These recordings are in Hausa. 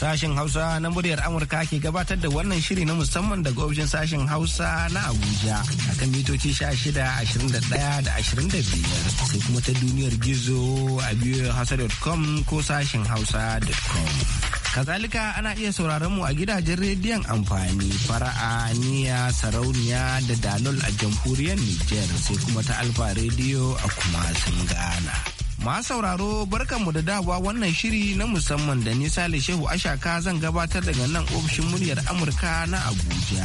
Sashen Hausa na muryar Amurka ke gabatar da wannan shiri na musamman daga ofishin sashen Hausa na Abuja a kan mitoci 16, da 25 sai kuma ta duniyar gizo a biyu ko sashen hausa.com. kazalika ana iya sauraron mu a gidajen rediyon amfani fara'a niya sarauniya da dalol a jamhuriyar Nijar sai kuma ta alfa rediyo a kuma sun gana Ma sauraro barkanmu da dawa wannan shiri na musamman da ni Sale Shehu Ashaka zan gabatar daga nan ofishin muryar Amurka na Abuja.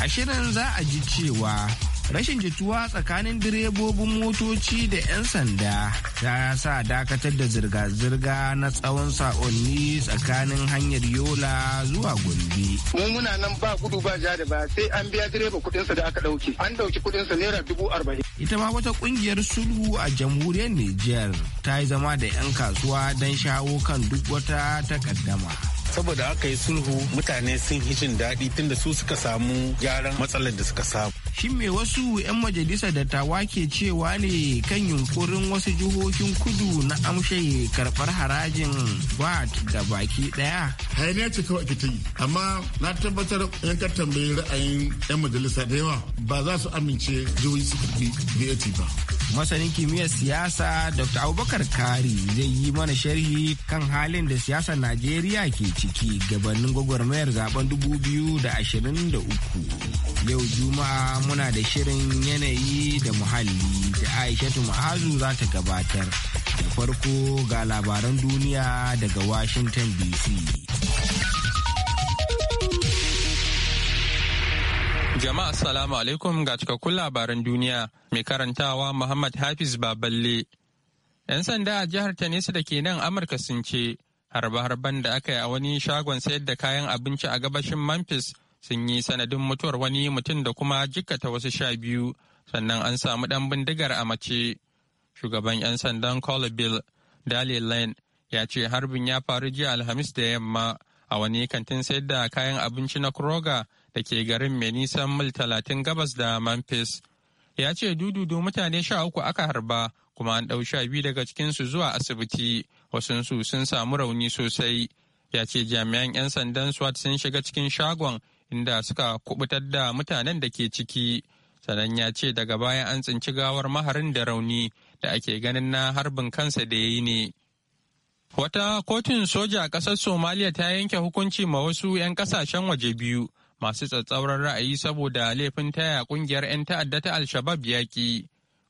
A shirin za a ji cewa rashin jituwa tsakanin direbobin motoci da 'yan sanda ta sa dakatar da zirga-zirga na tsawon sa'onni tsakanin hanyar yola zuwa gombe. mu muna nan ba gudu ba ja ba sai an biya direba kudinsa da aka dauke an dauki kudinsa naira dubu arba'in ita ma wata kungiyar sulhu a jamhuriyar Nijar ta yi zama da 'yan kasuwa don shawo kan duk wata takaddama. saboda aka yi sulhu mutane sun jin daɗi tunda su suka samu gyaran matsalar da suka samu shin me wasu 'yan majalisa da tawa ke cewa ne kan yunkurin wasu jihohin kudu na amshe karbar harajin VAT da baki ɗaya? Hayaniya ce kawai ake ta yi, amma na tabbatar yan ka tambayi ra'ayin 'yan majalisa da yawa ba za su amince jihohi su karɓi VAT ba. Masanin kimiyyar siyasa Dr. Abubakar Kari zai yi mana sharhi kan halin da siyasar Najeriya ke ciki gabanin gwagwarmayar zaben 2023. Yau Juma'a muna da shirin yanayi da muhalli da aishatu ma'azu za ta gabatar da farko ga labaran duniya daga washington dc jama'a assalamu alaikum ga cikakkun labaran duniya mai karantawa muhammad hafiz baballe 'yan sanda a jihar tanisa da ke nan amurka sun ce harba harban da aka yi a wani shagon sayar da kayan abinci a gabashin Memphis sun yi sanadin mutuwar wani mutum da kuma jikkata wasu sha biyu sannan an samu ɗan bindigar a mace shugaban 'yan sandan colabill dale lane ya ce harbin ya faru jiya alhamis da yamma a wani kantin sayar da kayan abinci na kroger da ke garin mai nisan mil talatin gabas da memphis ya ce dududu mutane sha uku aka harba kuma an ɗau sha biyu daga cikinsu zuwa asibiti wasunsu sun samu rauni sosai ya ce jami'an 'yan sandan swat sun shiga cikin shagon inda suka kubutar da mutanen da ke ciki sanan ya ce daga baya an tsinci gawar maharin da rauni da ake ganin na harbin kansa da ya yi ne wata kotun soja a ƙasar somaliya ta yanke hukunci ma wasu 'yan ƙasashen waje biyu masu tsatsauran ra'ayi saboda laifin taya ƙungiyar 'yan ta'adda ta alshabab shabab yaƙi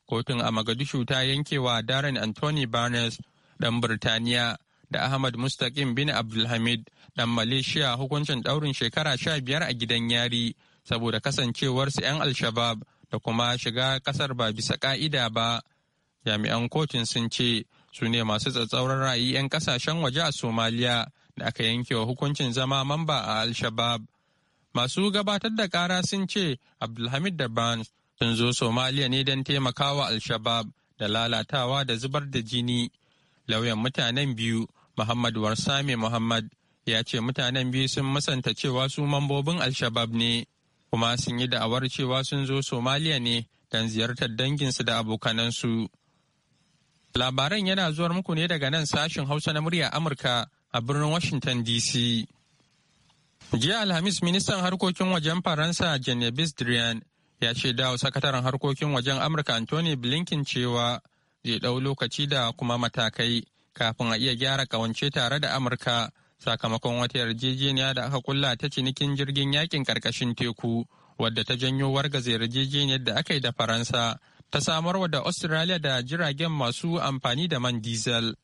kotun a Magadishu ta yankewa Darren Anthony Barnes dan Birtaniya da Ahmad Mustaqim bin Abdulhamid ɗan Malaysia hukuncin ɗaurin shekara sha biyar a gidan yari saboda kasancewarsu 'yan Alshabab da kuma shiga kasar ba bisa ƙa'ida ba. Jami'an kotun sun ce su ne masu tsatsauran ra'ayi 'yan ƙasashen waje a Somalia da aka yanke wa hukuncin zama mamba a Alshabab. Masu gabatar da kara sun ce Abdulhamid da Ban sun zo Somalia ne don taimakawa Alshabab da lalatawa da zubar da jini. Lauyan mutanen biyu Muhammad Warsame Muhammad ya ce mutanen biyu sun masanta cewa su mambobin alshabab ne kuma sun yi da'awar cewa sun zo somaliya ne don ziyartar danginsu da abokanansu labaran yana zuwar muku ne daga nan sashen hausa na murya amurka a birnin washington dc jiya alhamis ministan harkokin wajen faransa genevieve drian ya ce dawo sakataren harkokin wajen amurka anthony blinken cewa zai ɗau lokaci da kuma matakai kafin a iya gyara kawance tare da amurka sakamakon wata yarjejeniya da aka kulla ta cinikin jirgin yakin karkashin teku wadda ta janyo wargaza yarjejeniyar da aka yi da faransa ta samarwa da australia da jiragen masu amfani da man diesel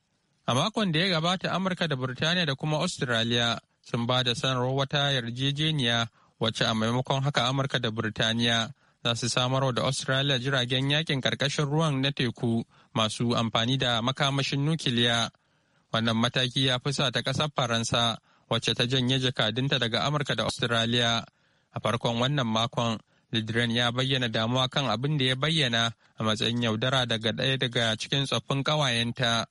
a makon da ya gabata amurka da burtaniya da kuma australia sun ba da sanarwar wata yarjejeniya wacce a maimakon haka amurka da burtaniya za su samarwa da australia jiragen yakin karkashin ruwan na teku masu amfani da makamashin nukiliya Wannan mataki ya fi sa ta ƙasar Faransa wacce ta janye jakadunta daga Amurka da Australia. A farkon wannan makon, Lidren ya bayyana damuwa kan abin da ya bayyana a matsayin yaudara daga ɗaya daga cikin tsoffin ƙawayenta.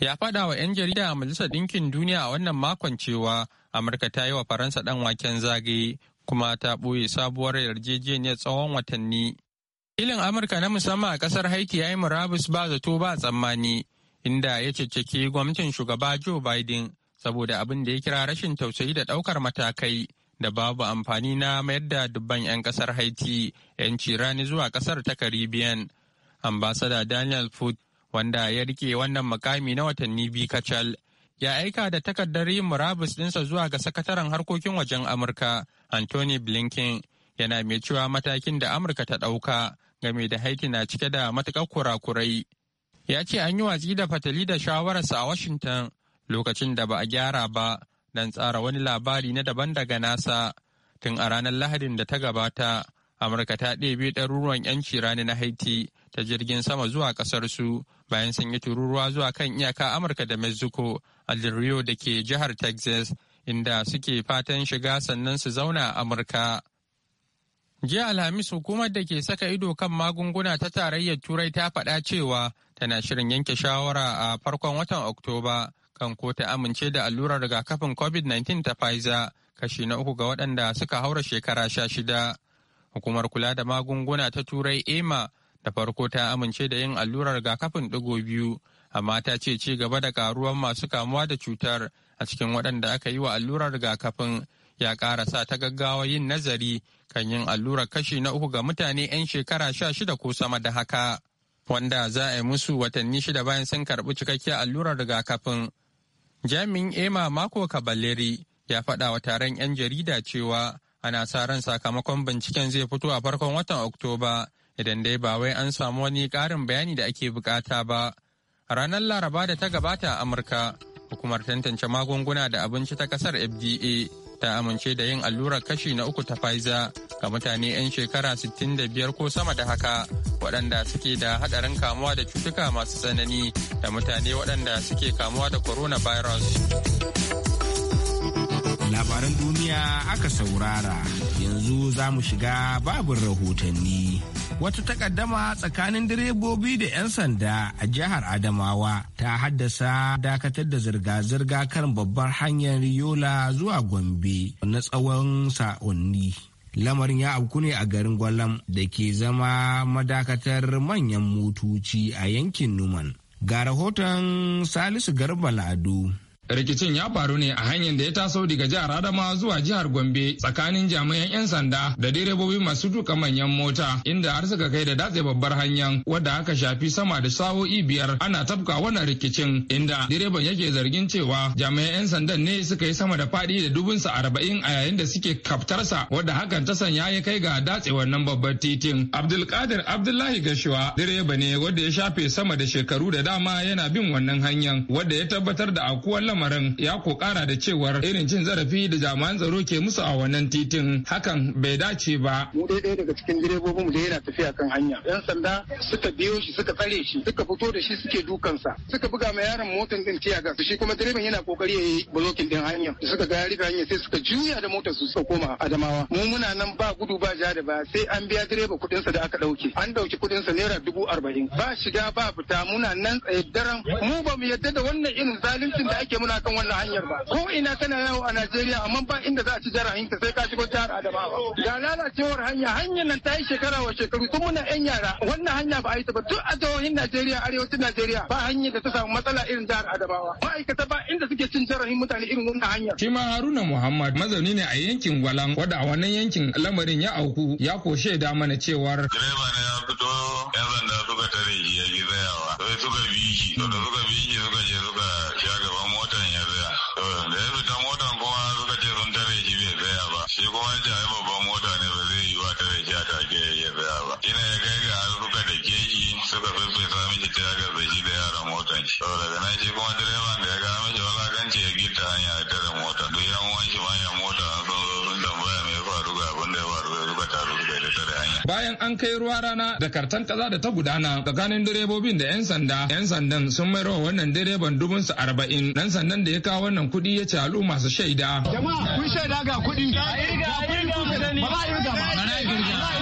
Ya faɗa wa 'yan jarida a Majalisar Ɗinkin Duniya a wannan makon cewa Amurka ta yi wa Faransa dan waken zage kuma ta ɓoye sabuwar yarjejeniyar tsawon watanni. Ilin Amurka na musamman a ƙasar Haiti ya yi murabus ba zato ba tsammani inda ya ceceki gwamnatin shugaba Joe Biden saboda abin da ya kira rashin tausayi da ɗaukar matakai da babu amfani na mayar da dubban 'yan ƙasar Haiti 'yanci rani zuwa ƙasar ta Caribbean. Ambasada Daniel Foot wanda ya rike wannan makami na watanni biyu kacal ya aika da takardar yin murabus ɗinsa zuwa ga sakataren harkokin wajen Amurka Anthony Blinken yana mai cewa matakin da Amurka ta ɗauka game da Haiti na cike da matuƙar kurakurai. ya ce an yi watsi da fatali da shawararsa a Washington lokacin da ba a gyara ba don tsara wani labari na daban daga nasa tun a ranar Lahadin da ta gabata. Amurka ta ɗebe ɗaruruwan 'yanci rani na Haiti ta jirgin sama zuwa ƙasarsu bayan sun yi tururuwa zuwa kan iyaka Amurka da Mexico a Rio da ke jihar Texas inda suke fatan shiga sannan su zauna a Amurka. Jiya Alhamis hukumar da ke saka ido kan magunguna ta tarayyar Turai ta faɗa cewa tana shirin yanke shawara a farkon watan Oktoba kan ko ta amince da allurar rigakafin COVID-19 ta Pfizer kashi na uku ga waɗanda suka haura shekara sha shida. Hukumar kula da magunguna ta Turai EMA da farko ta amince da yin allurar rigakafin ɗigo biyu, amma ta ce ci gaba da ƙaruwan masu kamuwa da cutar a cikin waɗanda aka yi wa allurar rigakafin ya ƙara sa ta gaggawa yin nazari kan yin allurar kashi na uku ga mutane 'yan shekara sha shida ko sama da haka. wanda za a yi musu watanni shida bayan sun karɓi cikakkiyar allurar rigakafin. Jami'in Ema Mako Kabaleri ya faɗa wa taron 'yan jarida cewa ana sa ran sakamakon binciken zai fito a farkon watan Oktoba idan dai ba wai an samu wani ƙarin bayani da ake bukata ba. Ranar Laraba da ta gabata a Amurka, hukumar tantance magunguna da abinci ta ƙasar FDA ta amince da yin allurar kashi na uku ta Pfizer ga mutane 'yan shekara 65 ko sama da haka waɗanda suke da haɗarin kamuwa da cutuka masu tsanani da mutane waɗanda suke kamuwa da coronavirus. labaran duniya aka saurara yanzu za mu shiga babin rahotanni wata takaddama tsakanin direbobi da 'yan sanda a jihar adamawa ta haddasa dakatar da zirga-zirga kan babbar hanyar yola zuwa gombe na tsawon sa'onni lamarin ya auku ne a garin gwalam da ke zama madakatar manyan motoci a yankin numan ga rahoton salisu garba lado Rikicin ya faru ne a hanyar da ya taso daga jihar Adamawa zuwa jihar Gombe tsakanin jami'an 'yan sanda da direbobi masu tuka manyan mota inda har suka kai da datse babbar hanyar wadda aka shafi sama da sa'o'i biyar ana tafka wannan rikicin inda direban yake zargin cewa jami'an 'yan sandan ne suka yi sama da faɗi da dubunsa arba'in a yayin da suke kaftarsa wadda hakan ta sanya ya kai ga datse wannan babbar titin. Abdulkadir Abdullahi Gashuwa direba ne wadda ya shafe sama da shekaru da dama yana bin wannan hanyar wadda ya tabbatar da akuwar lamarin ya ko kara da cewar irin cin zarafi da jami'an tsaro ke musu a wannan titin hakan bai dace ba. Mu ɗaya daga cikin direbobin da yana tafiya kan hanya. Yan sanda suka biyo shi suka tsare shi suka fito da shi suke dukansa suka buga ma yaron motan ɗin tiya gas shi kuma direban yana kokari ya yi bulokin ɗin hanya suka ga ya rufe hanya sai suka juya da motar su suka koma Adamawa. Mu muna nan ba gudu ba ja da ba sai an biya direba kuɗin sa da aka ɗauke. An ɗauki kuɗin sa naira dubu arba'in. Ba shiga ba fita muna nan tsaye daren mu ba mu yadda da wannan irin zaluncin da ake muna kan wannan hanyar ba ko ina kana yawo a Najeriya amma ba inda za a ci jarahinka sai ka shigo jihar ba ga lalacewar hanya hanyar nan ta yi shekara wa shekaru tun muna yan yara wannan hanya ba a yi ta ba duk a jihohin Najeriya arewacin Najeriya ba hanyar da ta samu matsala irin jihar Adamawa ma'aikata ba inda suke cin jarahin mutane irin wannan hanyar shi ma Haruna Muhammad mazauni ne a yankin Gwalan wanda a wannan yankin lamarin ya auku ya ko shaida mana cewar direba ne ya fito yan zanda suka tare shi ya ki sai suka bi shi suka bi shi suka je saboda na je kuma direban da ya gara mashi walakanci ya gita hanya ya tare mota duk yan uwan shi manyan mota an sun sun tambaya me ya faru ga abin da ya faru ya suka taru da yi tare hanya. bayan an kai ruwa rana da kartan kaza da ta gudana tsakanin direbobin da yan sanda yan sandan sun mai rawa wannan direban dubun su arba'in dan sandan da ya kawo wannan kuɗi ya ce alu masu shaida. jama'a kun shaida ga kuɗi. ba za a yi ba.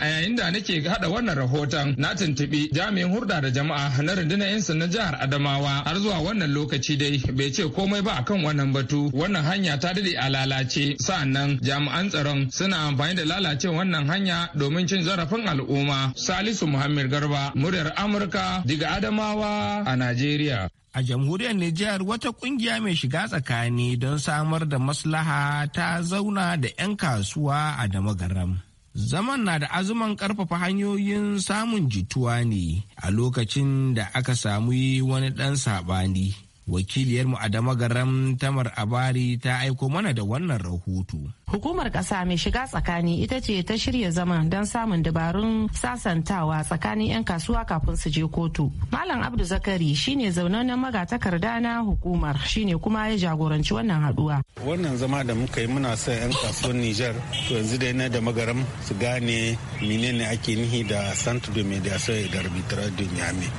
a yayin da nake hada wannan rahoton na tuntubi jami'in hurda da jama'a na rundunar 'yan na jihar Adamawa har zuwa wannan lokaci dai bai ce komai ba akan wannan batu wannan hanya ta dade a lalace sa'annan jami'an tsaron suna amfani da lalace wannan hanya domin cin zarafin al'umma Salisu Muhammad Garba muryar Amurka diga Adamawa a Najeriya. a jamhuriyar Nijar wata kungiya mai shiga tsakani don samar da maslaha ta zauna da 'yan kasuwa a Damagaram. zaman na da azuman karfafa hanyoyin samun jituwa ne a lokacin da aka samu yi wani ɗan saɓani. Wakiliyarmu Adama Garam Tamar Abari ta aiko mana da wannan rahoto. Hukumar kasa mai shiga tsakani ita ce ta shirya zama don samun dabarun sasantawa tsakanin 'yan kasuwa kafin su je kotu. Malam Abdu Zakari shine zaunannen magatakarda na hukumar shine kuma ya jagoranci wannan haduwa. Wannan zama da muka yi muna sa 'yan kasuwar Nijar to yanzu dai na da magaram su gane menene ake nihi da Santo de sai da Arbitrar da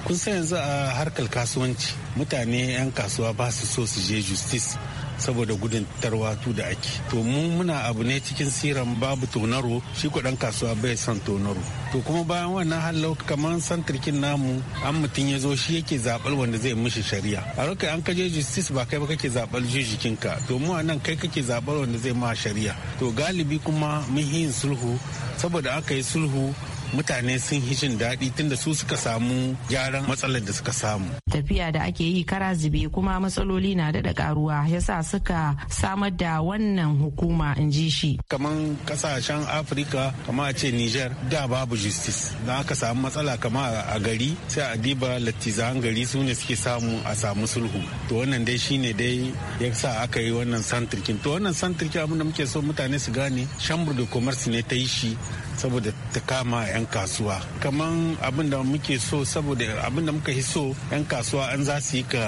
Kun san yanzu a harkar kasuwanci mutane 'yan kasuwa ba su so su je justice saboda gudun tarwatu da ake to mu muna abu ne cikin siran babu tonaro shi kuɗin kasuwa bai san tonaro to kuma bayan wannan halau kamar santirkin namu an mutum ya zo shi yake zabal wanda zai mishi shari'a a raka an kaje justice ba kai ba kake jijikin ka to mu a kai kake zabal wanda zai ma shari'a to galibi kuma mun yin sulhu saboda aka yi sulhu mutane sun jin daɗi tunda su suka samu gyaran matsalar da suka samu tafiya da ake yi kara zube kuma matsaloli na daɗa karuwa yasa suka samar da wannan hukuma in ji shi kaman kasashen afirka kama a ce niger da babu justice da aka samu matsala kama a gari sai a diba lattizahan gari su ne suke samu a samu sulhu to wannan dai shine dai ya sa aka yi wannan santirkin to wannan santirkin abinda muke so mutane su gane chambre de commerce ne ta yi shi saboda ta kama 'yan kasuwa kaman abinda muke so saboda abinda muka so 'yan kasuwa kasuwa an za su yi ka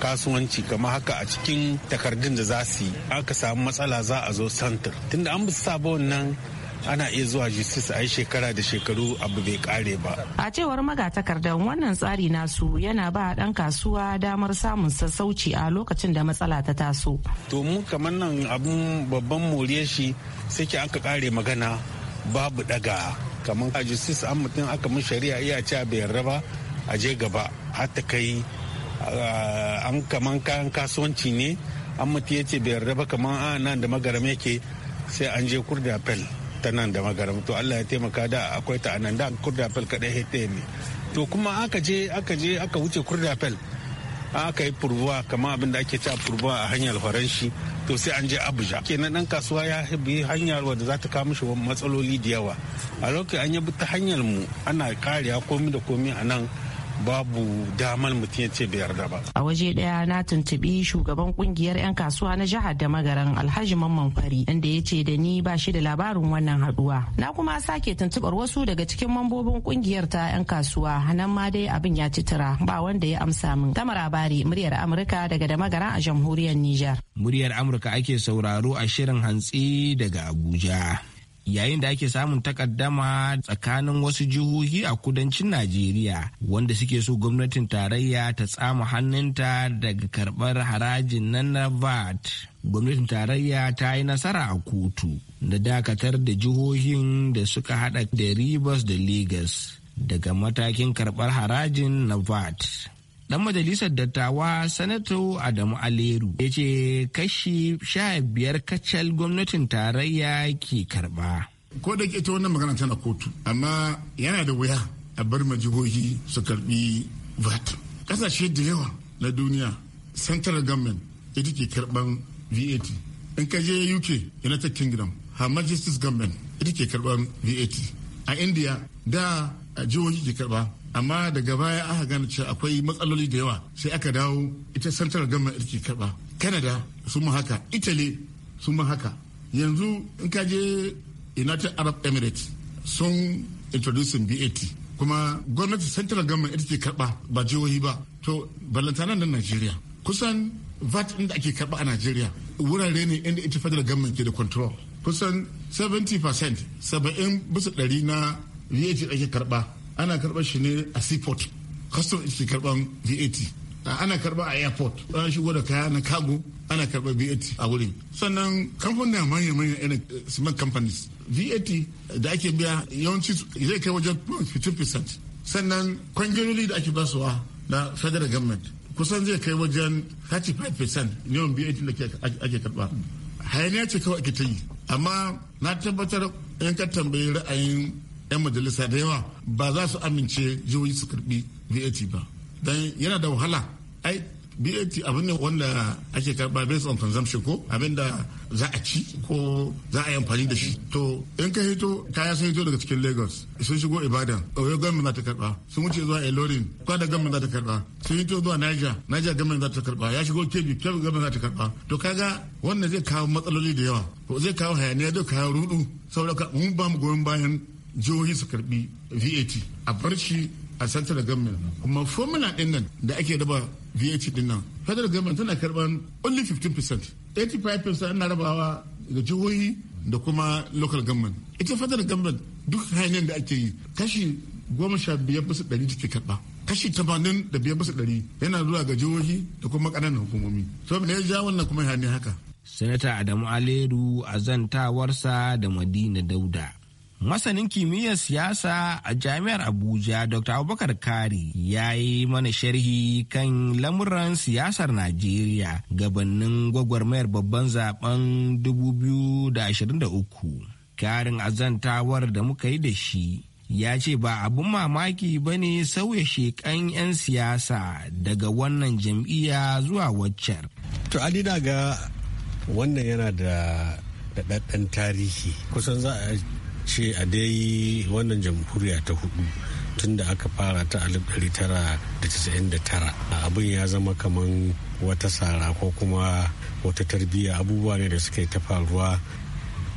kasuwanci kamar haka a cikin takardun da za su yi aka samu matsala za a zo santar tunda an bi sa wannan ana iya zuwa justice a yi shekara da shekaru abu bai kare ba. A cewar magatakardan wannan tsari nasu yana ba ɗan kasuwa damar samun sassauci a lokacin da matsala ta taso. To mu kamar nan abun babban more shi sai ke aka kare magana babu daga kamar a justice an mutum aka mun shari'a iya cewa bai yarda ba a je gaba har ta kai ah, an kaman kayan kasuwanci ne an mutu ya ce bai yarda ba kaman a ah, nan da magaram yake sai an je kurda ta nan da magaram to allah ya taimaka da akwai ta nan da kurda pel kadai ya ne to kuma aka je aka je aka wuce kurda pel aka yi furbuwa kamar abin da ake cewa furbuwa a hanyar faranshi to sai an je abuja kenan dan kasuwa ya bi hanyar wadda za ta kawo mishi matsaloli da yawa a lokacin an yi ta hanyar mu ana kariya komi da komi a nan babu damar mutum ya ce bai yarda ba. A waje ɗaya na tuntuɓi shugaban kungiyar 'yan kasuwa na jihar da magaran Alhaji Mamman Fari inda ya ce da ni ba shi da labarin wannan haɗuwa. Na kuma sake tuntuɓar wasu daga cikin mambobin kungiyar ta 'yan kasuwa nan ma dai abin ya ci tura ba wanda ya amsa min. Ta Bari muryar Amurka daga da magaran a jamhuriyar Nijar. Muryar Amurka ake sauraro a shirin hantsi daga Abuja. yayin da ake samun takaddama tsakanin wasu jihohi a kudancin Najeriya wanda suke so gwamnatin tarayya ta tsama hannunta daga karɓar harajin nan na VAT. Gwamnatin tarayya ta yi nasara a kotu da dakatar da jihohin da suka hada da Rivers da Lagos daga matakin karɓar harajin na VAT. Dan majalisar dattawa Sanato Adamu Aleru ya ce kashi sha biyar kacal gwamnatin tarayya ke karba. Ko da ita wannan magana tana kotu, amma yana da wuya a bar ma jihohi su karbi VAT. Kasashe da yawa na duniya, central government ita ke karban VAT. In ka je UK, United Kingdom, Her Majesty's Government ita ke karban VAT. A India, da a jihohi ke karba amma daga baya aka gane cewa akwai matsaloli da yawa sai aka dawo ita central government ke karba canada sun haka italy sun haka yanzu in ka je united arab emirates sun introducing bat kuma gwamnati central government ita ke karba ba jihohi ba to balantana na nigeria kusan vat inda ake karba a nigeria wurare ne inda ita federal government ke da control kusan 70% 70 bisa ɗari na VAT ake karba ana karbar shi ne a seaport custom ke karban VAT ana karba a airport ana shigo da kaya na cargo ana karba VAT a wurin sannan kamfanin manya manya irin smart eh, companies VAT da ake biya yawanci zai kai wajen 15% sannan kwangiloli da ake basuwa na federal government kusan zai kai wajen 35% yawan VAT da ake karba hayaniya ce kawai ake ta yi amma na tabbatar yan ka tambayi ra'ayin 'yan majalisa da yawa ba za su amince jihohi su karbi VAT ba. don yana da wahala. Ai VAT abin ne wanda ake karba based on consumption ko abin da za a ci ko za a yi amfani da shi. To in ka hito kaya sun hito daga cikin Lagos sun shigo Ibadan Oyo gwamnati za ta karba sun wuce zuwa kwa kada gwamnati za ta karba sun hito zuwa Niger Niger gwamnati za ta karba ya shigo Kebbi kebi gwamnati za ta karba. To kaga wannan zai kawo matsaloli da yawa zai kawo hayaniya zai kawo rudu saboda mun ba mu goyon bayan jihohi su karbi VAT a bar shi a central government kuma formula din nan da ake raba VAT din nan federal government tana karban only 15% 85% ana rabawa ga jihohi da kuma local government ita federal government duk hanyar da ake yi kashi goma sha biyar basu ɗari take karɓa kashi tamanin da biyar basu ɗari yana zuwa ga jihohi da kuma ƙananan hukumomi so ne ya ja wannan kuma hanyar haka sanata adamu aleru a zantawarsa da madina dauda masanin kimiyyar siyasa a jami'ar abuja dr abubakar kari ya yi mana sharhi kan lamuran siyasar najeriya gabanin gwagwarmayar babban zaben 2023 karin azantawar da muka yi da shi ya ce ba abun mamaki ba ne sauya shekan 'yan siyasa daga wannan jam'iyya zuwa waccar to adina ga wannan yana da daɗaɗɗen tarihi kusan za a ce a dai wannan jamhuriya ta hudu tun da aka fara ta 1999 abin ya zama kamar wata sara ko kuma wata tarbiyya abubuwa ne da suka ta faruwa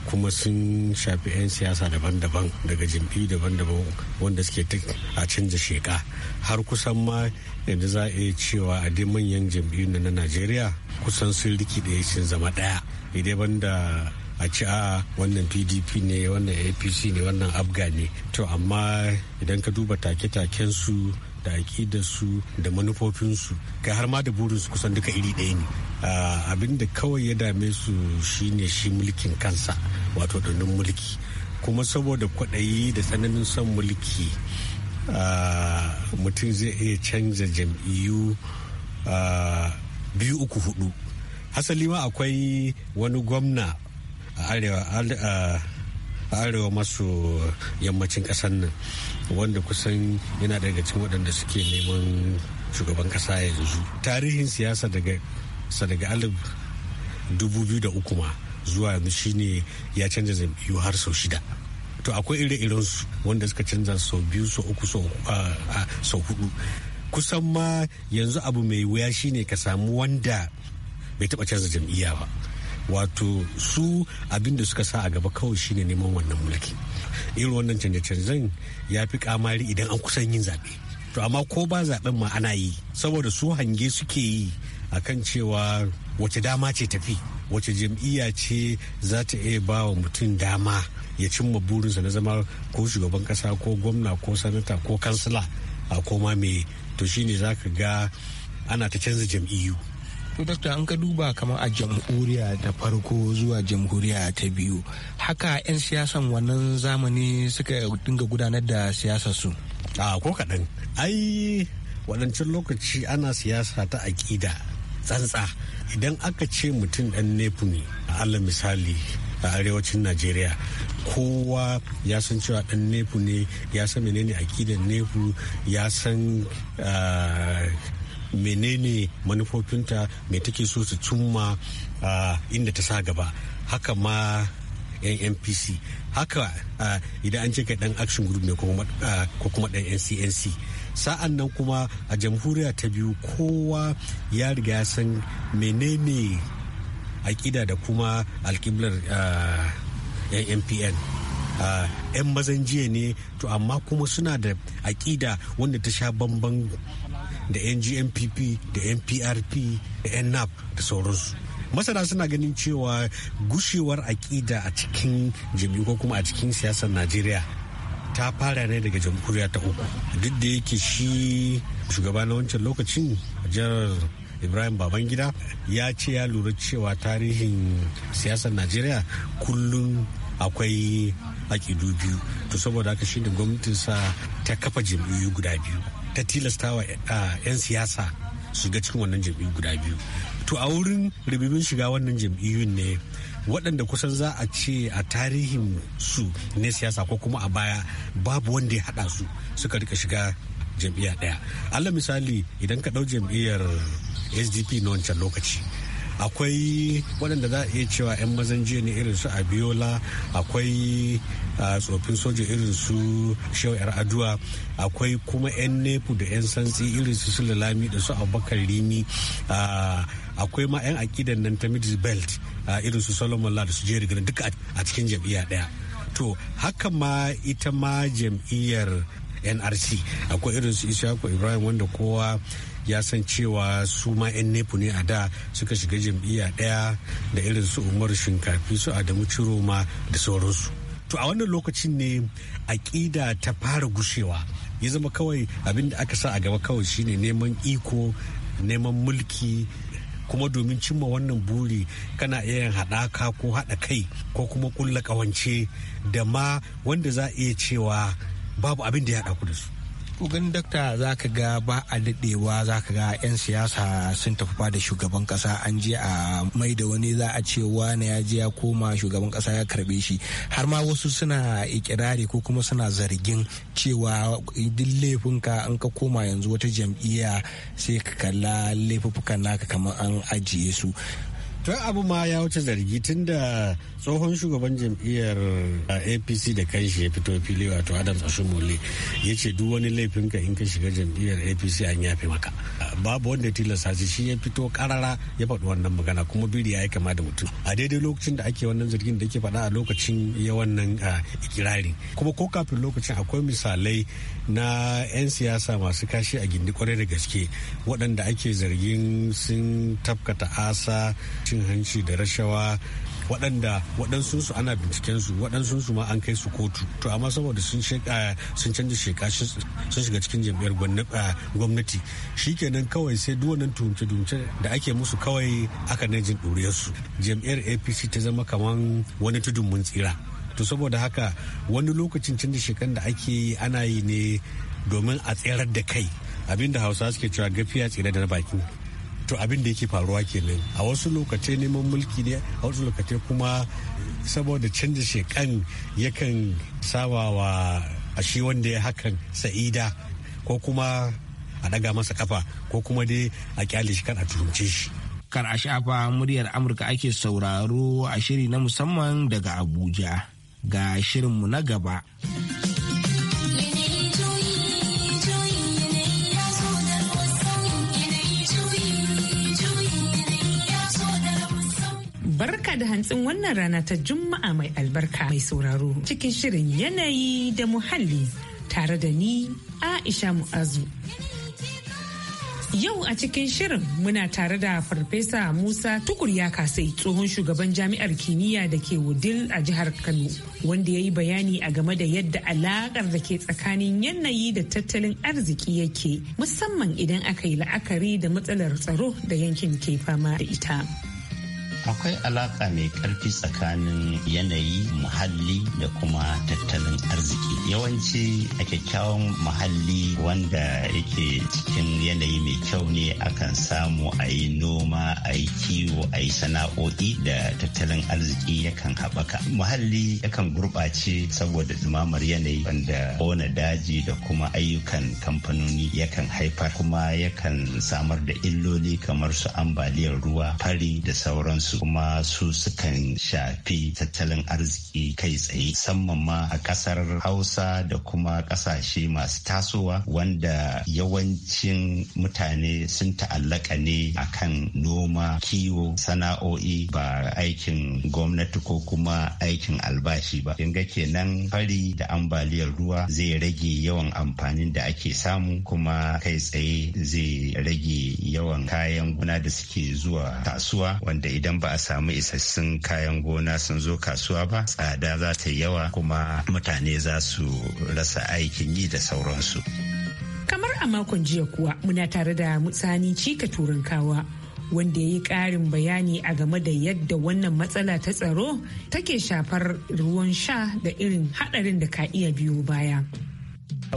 kuma sun shafi 'yan siyasa daban-daban daga jimfi daban-daban wanda suke a canza sheka har kusan ma yanzu za a iya cewa a dai manyan jam'iyyun na najeriya kusan sun rikide sun zama daya idan banda a ci a wannan pdp ne wannan apc ne wannan abga ne to amma idan ka duba take-taken su da aƙidarsu da manufofinsu kai har ma da burinsu kusan duka iri ɗaya ne abin da kawai ya dame su shine shi mulkin kansa wato donin mulki kuma saboda kwaɗayi da tsananin son mulki mutum zai iya canza jam'iyyu biyu uku hudu hasali ma akwai wani gwamna a arewa maso yammacin ƙasar nan wanda kusan yana daga cikin waɗanda suke neman shugaban ƙasa yanzu tarihin siyasa daga daga alif dubu biyu da uku ma zuwa yanzu shine ya canza zambiyu har sau shida to akwai ire-iren su wanda suka canza sau biyu sau uku sau hudu kusan ma yanzu abu mai wuya shine ka samu wanda bai taba canza jam'iyya ba wato su abinda suka sa a gaba kawai shine neman wannan mulki irin wannan canje-canjen ya fi kamari idan an kusan yin zaɓe to amma ko ba zaɓen ma ana yi saboda su hange suke yi a kan cewa wace dama ce tafi wace jam'iyya ce za ta iya ba wa mutum dama ya cimma burinsa na zama ko shugaban kasa ko gwamna ko sanata ko kansila a koma me to shine za ka ga ana ta canza jam'iyyu to an ka duba kamar a jamhuriya ta farko zuwa jamhuriya ta biyu haka 'yan siyasan wannan zamani suka dinga gudanar da siyasarsu a ko kaɗan ai waɗancan lokaci ana siyasa ta aƙida tsantsa idan aka ce mutum ɗan nefu ne allah misali a arewacin najeriya kowa ya san cewa ɗan nefu ne ya san menene aƙidan nefu ya san ah, menene manufofinta mai take so su cimma inda ta sa gaba haka ma yan mpc haka idan an ce ka dan action group ne ko kuma dan ncnc sa'an nan kuma a jamhuriya ta biyu kowa ya riga ya san menene aƙida da kuma alkiblar yan mpn yan mazan jiya ne to amma kuma suna da aƙida wanda ta sha bambam. da ngmpp da nprp da nnap da sauransu masana suna ganin cewa gushewar aƙida a cikin jami'u ko kuma a cikin siyasar najeriya ta fara ne daga jamhuriya ta uku duk da yake shi shugaba na wancan lokacin jihar ibrahim babangida ya ce ya lura cewa tarihin siyasar najeriya kullum akwai aƙidu biyu to saboda haka shi da gwamnatinsa ta kafa jam'iyyu guda biyu ta wa 'yan siyasa shiga cikin wannan jam'iyyu guda biyu to a wurin ribibin shiga wannan jam'iyyun ne waɗanda kusan za a ce a tarihin su ne siyasa ko kuma a baya babu wanda ya haɗa su suka rika shiga jam'iyya ɗaya allah misali idan ka ɗau jam'iyyar sdp na wancan lokaci akwai waɗanda za a iya cewa 'yan mazan jiya ne irin su abiola akwai ah, tsofin soja irin su shehu aduwa akwai kuma 'yan nepu da 'yan santsi irin su sulalami da su abubakar rini ah, akwai ma 'yan akidan nan ta middle belt ah, irin su solomon la da su jerry duka a cikin jam'iyya ɗaya to haka ma ita ma jam'iyyar nrc akwai irin su ishaku ibrahim wanda kowa ya san cewa su ma 'yan nepu ne a da suka shiga jam'iyya ɗaya da irin su umar shinkafi su adamu ciroma da sauransu to a wannan lokacin ne aƙida ta fara gushewa ya zama kawai abin da aka sa a gaba kawai shine neman iko neman mulki kuma domin cimma wannan buri kana iya yin haɗaka ko haɗa kai ko kuma ƙulla ƙawance da ma wanda za a iya cewa babu abin da ya haɗa ku da su kogarin dakta za ka ga ba a daɗewa za ka ga 'yan siyasa sun tafi ba da shugaban kasa an je a mai da wani za a ce wani ya je ya koma shugaban kasa ya karbe shi har ma wasu suna ikirari ko kuma suna zargin cewa duk laifinka an ka koma yanzu wata jam'iyya sai ka kalla laifuffukan naka kamar an ajiye su to abu ma ya wuce zargi tunda tsohon shugaban jam'iyyar uh, apc da shi ya fito fili wato adams ashimole ya ce duk wani laifin ka in ka shiga jam'iyyar apc an yafe maka uh, babu wanda tilasta shi shi ya fito karara ya faɗi wannan magana kuma biri ya yi kama da mutum a daidai lokacin da ake wannan zargin da ke faɗa a lokacin ya wannan uh, ikirari kuma ko kafin lokacin akwai misalai na 'yan siyasa masu kashi a gindi kwarai da gaske waɗanda ake zargin sun tafkata asa cin hanci da rashawa waɗanda waɗansu su ana binciken su waɗansu su ma an kai su kotu to amma saboda sun eh, sun canza sheka sun shiga cikin jam'iyyar eh, gwamnati shikenan kawai sai duk wannan tuhumce-tuhumce da ake musu kawai aka na jin su jam'iyyar apc ta zama kaman wani tudun mun tsira to saboda haka wani lokacin canza shekan da ake yi ana yi ne domin a tserar da kai abinda hausa suke cewa gafiya tsira da bakin to abin da yake faruwa kenan a wasu lokacin neman mulki ne a wasu lokacin kuma saboda canza shekan yakan saba wa a shi wanda ya hakan sa'ida ko kuma a daga masa kafa ko kuma dai a kyale shi kan a turunce shi kar a shafa muryar amurka ake sauraro a shiri na musamman daga abuja ga shirinmu na gaba. da hantsin wannan rana ta Juma'a mai albarka mai sauraro cikin shirin yanayi da muhalli tare da ni Aisha Mu'azu. Yau a cikin shirin muna tare da Farfesa Musa Tukur ya kasai tsohon shugaban jami'ar kimiyya da ke Wudil a jihar Kano wanda ya yi bayani a game da yadda alakar da ke tsakanin yanayi da tattalin arziki yake musamman idan aka yi la'akari da matsalar tsaro da yankin ke fama da ita. akwai alaka mai karfi tsakanin yanayi muhalli da kuma tattalin arziki yawanci a kyakkyawan muhalli wanda yake cikin yanayi mai kyau ne akan samu a yi noma a yi kiwo a yi sana'o'i da tattalin arziki yakan haɓaka muhalli yakan gurɓace saboda ɗumamar yanayi wanda ona daji da kuma ayyukan kamfanoni yakan haifar kuma yakan samar da illoli kamar su ambaliyar ruwa fari da sauransu su kuma su sukan shafi tattalin arziki kai tsaye musamman ma a kasar hausa da kuma kasashe masu tasowa wanda yawancin mutane sun ta'allaka ne akan noma kiwo sana'o'i ba aikin gwamnati ko kuma aikin albashi ba ga kenan fari da ambaliyar ruwa zai rage yawan amfanin da ake samu kuma kai tsaye zai rage yawan kayan gona da suke zuwa Tasuwa wanda idan ba a samu isassun kayan gona sun zo kasuwa ba tsada za ta yi yawa kuma mutane za su rasa aikin yi da sauransu. Kamar a makon jiya kuwa muna tare da mutsani cika turankawa wanda ya yi ƙarin bayani a game da yadda wannan matsala ta tsaro take shafar ruwan sha da irin haɗarin da ka iya biyo baya.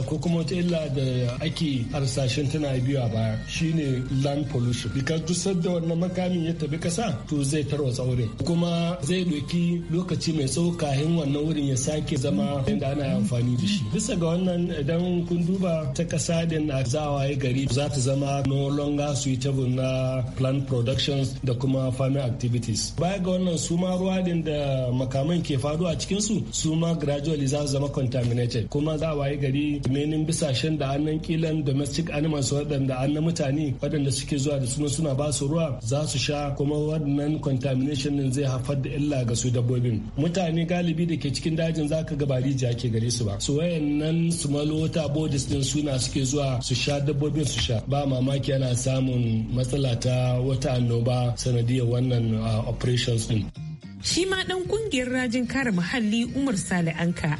ko kuma wata illa da ake harsashen tana biyu a baya shine land pollution because duk sadda wannan makamin ya tafi kasa to zai tarwa tsaure kuma zai doki lokaci mai tsawo kahin wannan wurin ya sake zama yadda ana amfani da shi bisa ga wannan idan kun duba ta kasa din a zawaye gari za ta zama no longer suitable na plant productions da kuma farming activities baya ga wannan su ma ruwa din da makaman ke faruwa cikin su su ma gradually za su zama contaminated kuma zawaye gari tunanin bisashen da anan kilan domestic animals waɗanda an mutane waɗanda suke zuwa da suna suna ba su ruwa za su sha kuma wannan contamination din zai haifar da illa ga su dabbobin mutane galibi da ke cikin dajin za ka gaba rijiya ke gare su ba su wayannan small water bodies din suna suke zuwa su sha dabbobin su sha ba mamaki yana samun matsala ta wata annoba sanadiyar wannan ah, operations din shi ma dan kungiyar rajin kare muhalli umar sale anka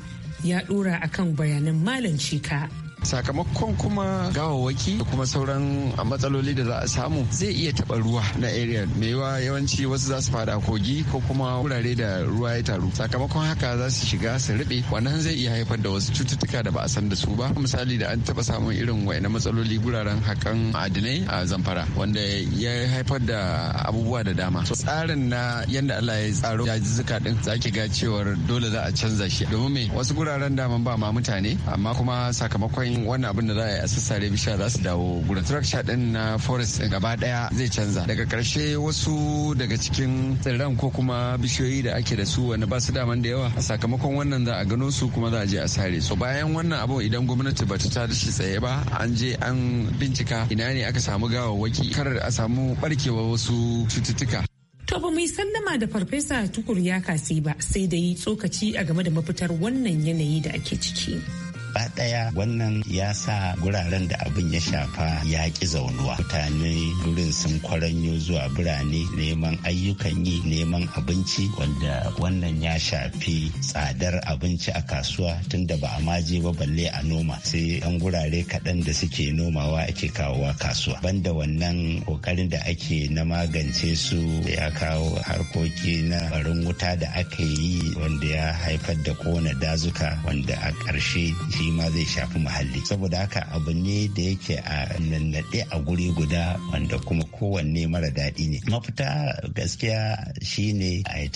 ya dora akan bayanan malam cika sakamakon kuma gawawaki da kuma sauran matsaloli da za a samu zai iya taba ruwa na area yawa yawanci wasu za su fada kogi ko kuma wurare da ruwa ya taru sakamakon haka za su shiga su rube wannan zai iya haifar da wasu cututtuka da ba a san da su ba misali da an taba samun irin wayannan matsaloli guraren hakan adinai a zamfara wanda ya haifar da abubuwa da dama tsarin na yanda Allah ya tsaro jajizzuka din zaki ga cewar dole za a canza shi domin me wasu guraren daman ba ma mutane amma kuma sakamakon yin wannan abin da za a yi a sassare bishiya za su dawo gurin structure din na forest gaba daya zai canza daga karshe wasu daga cikin tsirran ko kuma bishiyoyi da ake da su wani ba su daman da yawa a sakamakon wannan za a gano su kuma za a je a sare su. bayan wannan abu idan gwamnati ba ta tada shi tsaye ba an je an bincika ina ne aka samu gawawwaki kar a samu barkewa wasu cututtuka To ba mai sallama da farfesa tukur ya kasi ba sai da yi tsokaci a game da mafitar wannan yanayi da ake ciki. gaba daya wannan ya sa guraren da abin ya shafa ya ki zaunuwa mutane gurin sun kwaranyo zuwa birane neman ayyukan yi neman abinci wanda wannan ya shafi tsadar abinci a kasuwa tunda ba a maje ba balle a noma sai an gurare kaɗan da suke nomawa ake kawowa kasuwa banda wannan kokarin da ake na magance su ya kawo harkoki na barin wuta da aka yi wanda ya haifar da kona dazuka wanda a ƙarshe shi ma zai shafi muhalli saboda haka abu ne da yake a nannaɗe a guri guda wanda kuma kowanne mara daɗi ne mafita gaskiya shine a yi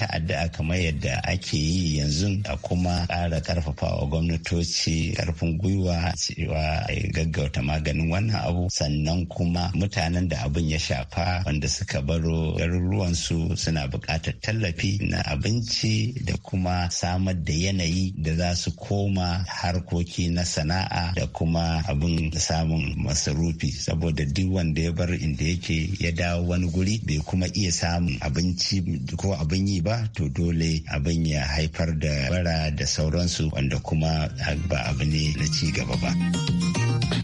a kamar yadda ake yi yanzu a kuma ƙara ƙarfafawa gwamnatoci ƙarfin gwiwa cewa a gaggauta maganin wannan abu sannan kuma mutanen da abin ya shafa wanda suka baro garuruwansu suna buƙatar tallafi na abinci da kuma samar da yanayi da za su koma harkoki. aiki na sana'a da kuma abin samun masarufi saboda duk wanda ya bar inda yake ya dawo wani guri bai kuma iya samun abinci ko abin yi ba to dole abin ya haifar da bara da sauransu wanda kuma ba abu ne na ci gaba ba.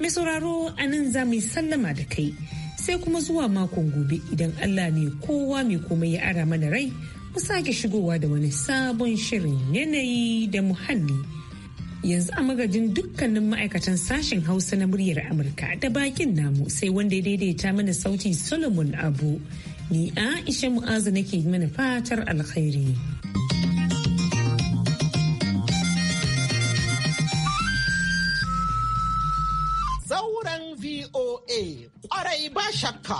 Mai sauraro a nan za mu yi sallama da kai sai kuma zuwa makon gobe idan Allah ne kowa mai komai ya ara mana rai mu sake shigowa da wani sabon shirin yanayi da muhalli. yanzu a magajin dukkanin ma'aikatan sashen hausa na muryar amurka da bakin namu sai wanda ya daidaita mana sauti solomon abu ni aisha mu'azu nake mana fatar alkhairi sauran voa kwarai ba shakka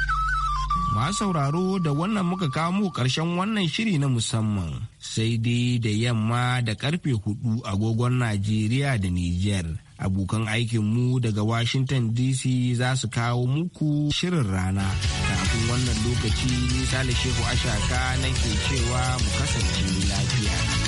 ma sauraro da wannan muka kawo muku ƙarshen wannan shiri na musamman sai dai da yamma da karfe hudu agogon Najeriya da niger Abokan mu daga Washington DC za su kawo muku shirin rana. Kafin wannan lokaci, Sale Shehu Ashaka nake cewa mu kasance lafiya.